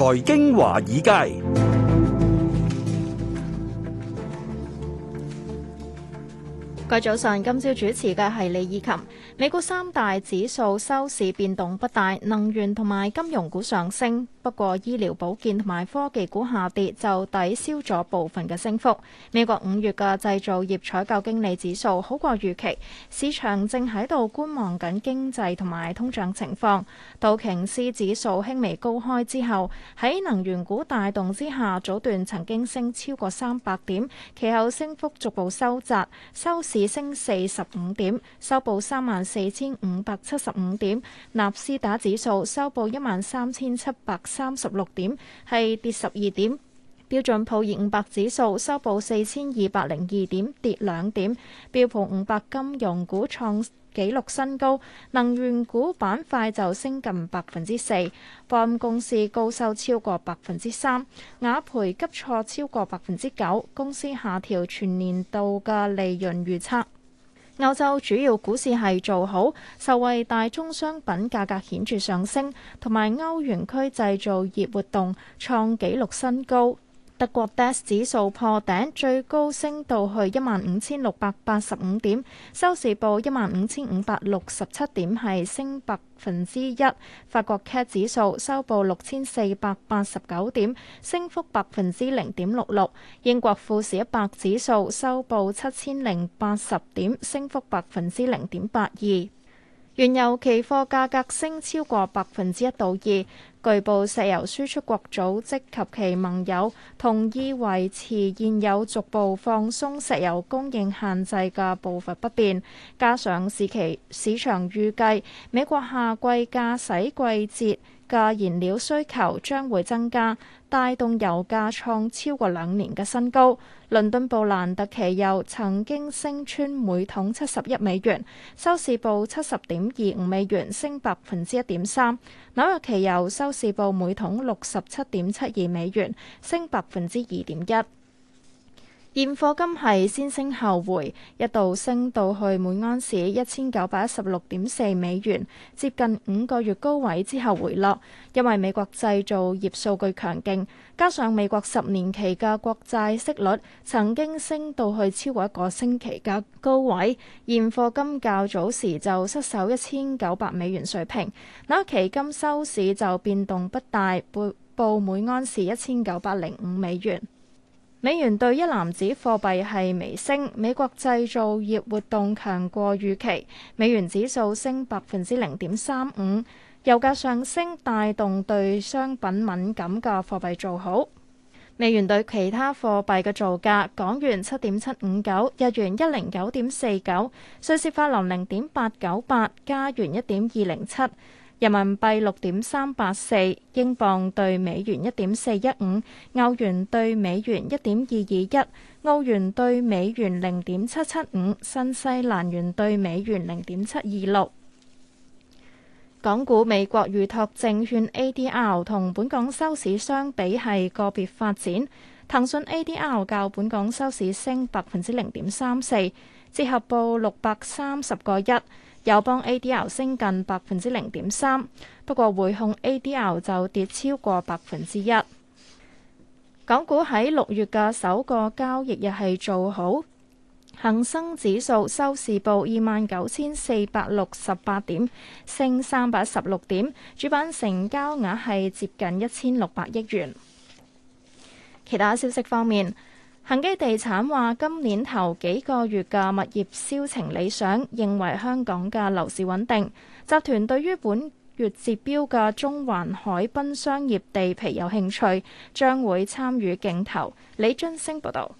財經華爾街，各位早上，今朝主持嘅係李綺琴。美股三大指數收市變動不大，能源同埋金融股上升，不過醫療保健同埋科技股下跌就抵消咗部分嘅升幅。美國五月嘅製造業採購經理指數好過預期，市場正喺度觀望緊經濟同埋通脹情況。道瓊斯指數輕微高開之後，喺能源股帶動之下，早段曾經升超過三百點，其後升幅逐步收窄，收市升四十五點，收報三萬四千五百七十五點，納斯達指數收報一萬三千七百三十六點，係跌十二點。標準普爾五百指數收報四千二百零二點，跌兩點。標普五百金融股創紀錄新高，能源股板塊就升近百分之四。波音公司高收超過百分之三，雅培急挫超過百分之九，公司下調全年度嘅利潤預測。歐洲主要股市係做好，受惠大宗商品價格顯著上升，同埋歐元區製造業活動創紀錄新高。德國 DAX 指數破頂，最高升到去一萬五千六百八十五點，收市報一萬五千五百六十七點，係升百分之一。法國 CAC 指數收報六千四百八十九點，升幅百分之零點六六。英國富時一百指數收報七千零八十點，升幅百分之零點八二。原油期貨價格升超過百分之一到二。據報，石油輸出國組織及其盟友同意維持現有逐步放鬆石油供應限制嘅步伐不變，加上時期市場預計美國夏季駕駛季節嘅燃料需求將會增加，帶動油價創超過兩年嘅新高。倫敦布蘭特期油曾經升穿每桶七十一美元，收市報七十點二五美元，升百分之一點三。紐約期油收市報每桶六十七點七二美元，升百分之二點一。現貨金係先升後回，一度升到去每安士一千九百一十六點四美元，接近五個月高位之後回落，因為美國製造業數據強勁，加上美國十年期嘅國債息率曾經升到去超過一個星期嘅高位，現貨金較早時就失守一千九百美元水平。那期金收市就變動不大，報每安士一千九百零五美元。美元兌一籃子貨幣係微升，美國製造業活動強過預期，美元指數升百分之零點三五。油價上升，帶動對商品敏感嘅貨幣造好。美元對其他貨幣嘅造價：港元七點七五九，日元一零九點四九，瑞士法郎零點八九八，加元一點二零七。人民幣六點三八四，英鎊對美元一點四一五，歐元對美元一點二二一，澳元對美元零點七七五，新西蘭元對美元零點七二六。港股美國預託證券 ADR 同本港收市相比係個別發展。騰訊 ADR 較本港收市升百分之零點三四，折合報六百三十個一。友邦 A.D.L 升近百分之零點三，不過匯控 A.D.L 就跌超過百分之一。港股喺六月嘅首個交易日係做好，恒生指數收市報二萬九千四百六十八點，升三百一十六點，主板成交額係接近一千六百億元。其他消息方面。恒基地產話：今年頭幾個月嘅物業銷情理想，認為香港嘅樓市穩定。集團對於本月截標嘅中環海濱商業地皮有興趣，將會參與競投。李津星報道。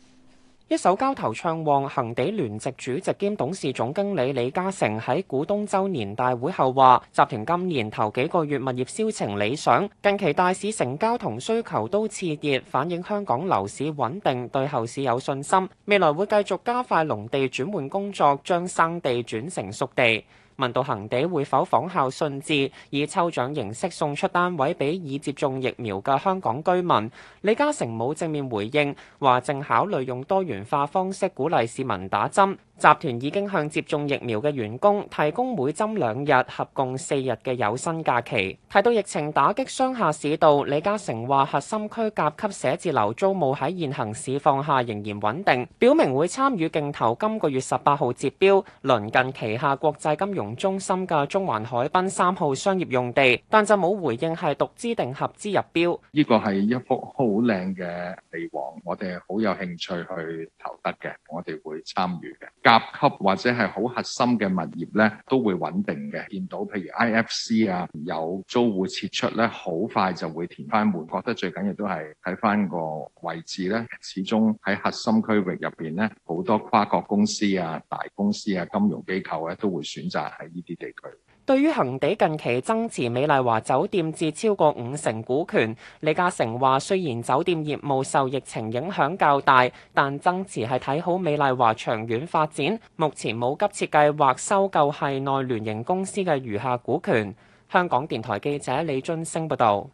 一手交投暢旺，恒地聯席主席兼董事總經理李嘉誠喺股東周年大會後話，集團今年頭幾個月物業銷情理想，近期大市成交同需求都熾熱，反映香港樓市穩定，對後市有信心。未來會繼續加快農地轉換工作，將生地轉成熟地。問到恒地會否仿效信置以抽獎形式送出單位俾已接種疫苗嘅香港居民，李家誠冇正面回應，話正考慮用多元化方式鼓勵市民打針。集團已經向接種疫苗嘅員工提供每針兩日，合共四日嘅有薪假期。提到疫情打擊商廈市道，李嘉誠話：核心區甲級寫字樓租務喺現行市況下仍然穩定，表明會參與競投今個月十八號截標鄰近旗下國際金融中心嘅中環海濱三號商業用地。但就冇回應係獨資定合資入標。呢個係一幅好靚嘅地王，我哋好有興趣去投得嘅，我哋會參與嘅。甲級或者係好核心嘅物業咧，都會穩定嘅。見到譬如 IFC 啊，有租戶撤出呢，好快就會填翻滿。覺得最緊要都係睇翻個位置呢，始終喺核心區域入邊呢，好多跨國公司啊、大公司啊、金融機構咧，都會選擇喺呢啲地區。對於恒地近期增持美麗華酒店至超過五成股權，李嘉誠話：雖然酒店業務受疫情影響較大，但增持係睇好美麗華長遠發展。目前冇急切計劃收購系內聯營公司嘅餘下股權。香港電台記者李津升報道。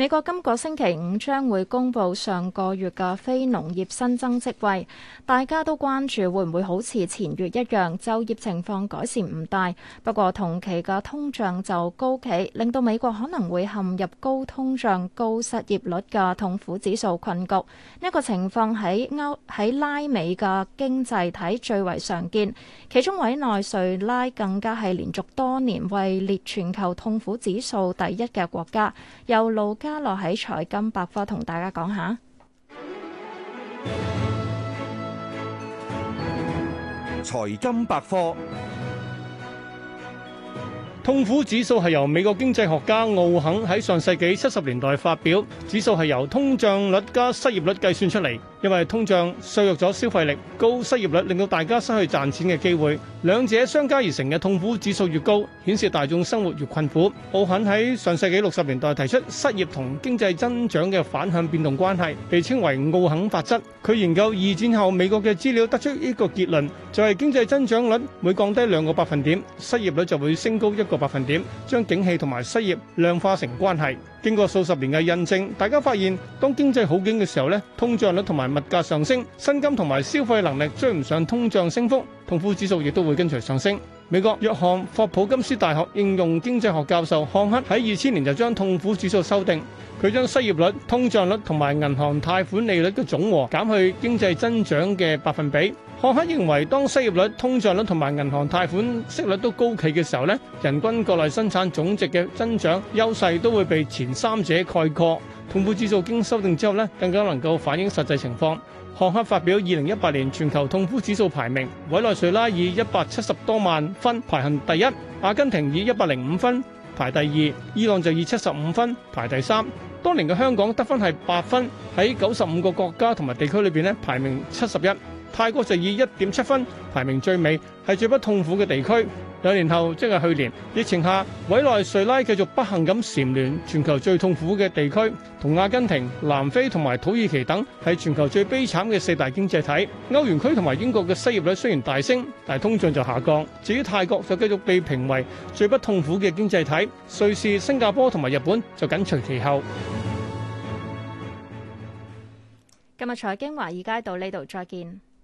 美國今個星期五將會公布上個月嘅非農業新增職位，大家都關注會唔會好似前月一樣就業情況改善唔大。不過同期嘅通脹就高企，令到美國可能會陷入高通脹、高失業率嘅痛苦指數困局。呢個情況喺歐喺拉美嘅經濟體最為常見，其中委內瑞拉更加係連續多年位列全球痛苦指數第一嘅國家，由盧家樂喺財金百科同大家講下，財金百科。痛苦指數係由美國經濟學家奧肯喺上世紀七十年代發表，指數係由通脹率加失業率計算出嚟。因為通脹削弱咗消費力，高失業率令到大家失去賺錢嘅機會，兩者相加而成嘅痛苦指數越高，顯示大眾生活越困苦。奧肯喺上世紀六十年代提出失業同經濟增長嘅反向變動關係，被稱為奧肯法則。佢研究二戰後美國嘅資料，得出一個結論，就係經濟增長率每降低兩個百分點，失業率就會升高一個百分點，將景氣同埋失業量化成關係。經過數十年嘅印證，大家發現當經濟好景嘅時候咧，通脹率同埋物價上升，薪金同埋消費能力追唔上通脹升幅，痛苦指數亦都會跟隨上升。美國約翰霍普金斯大學應用經濟學教授漢克喺二千年就將痛苦指數修訂。佢將失業率、通脹率同埋銀行貸款利率嘅總和減去經濟增長嘅百分比。漢克認為，當失業率、通脹率同埋銀行貸款息率都高企嘅時候呢，人均國內生產總值嘅增長優勢都會被前三者概括。痛苦指數經修訂之後呢，更加能夠反映實際情況。漢克發表二零一八年全球痛苦指數排名，委內瑞拉以一百七十多萬分排行第一，阿根廷以一百零五分排第二，伊朗就以七十五分排第三。當年嘅香港得分係八分，喺九十五個國家同埋地區裏面排名七十一。泰國就以一點七分排名最尾，係最不痛苦嘅地區。兩年後，即係去年疫情下，委內瑞拉繼續不幸咁蟬聯全球最痛苦嘅地區，同阿根廷、南非同埋土耳其等係全球最悲慘嘅四大經濟體。歐元區同埋英國嘅失業率雖然大升，但係通脹就下降。至於泰國就繼續被評為最不痛苦嘅經濟體，瑞士、新加坡同埋日本就緊隨其後。今日財經華爾街到呢度再見。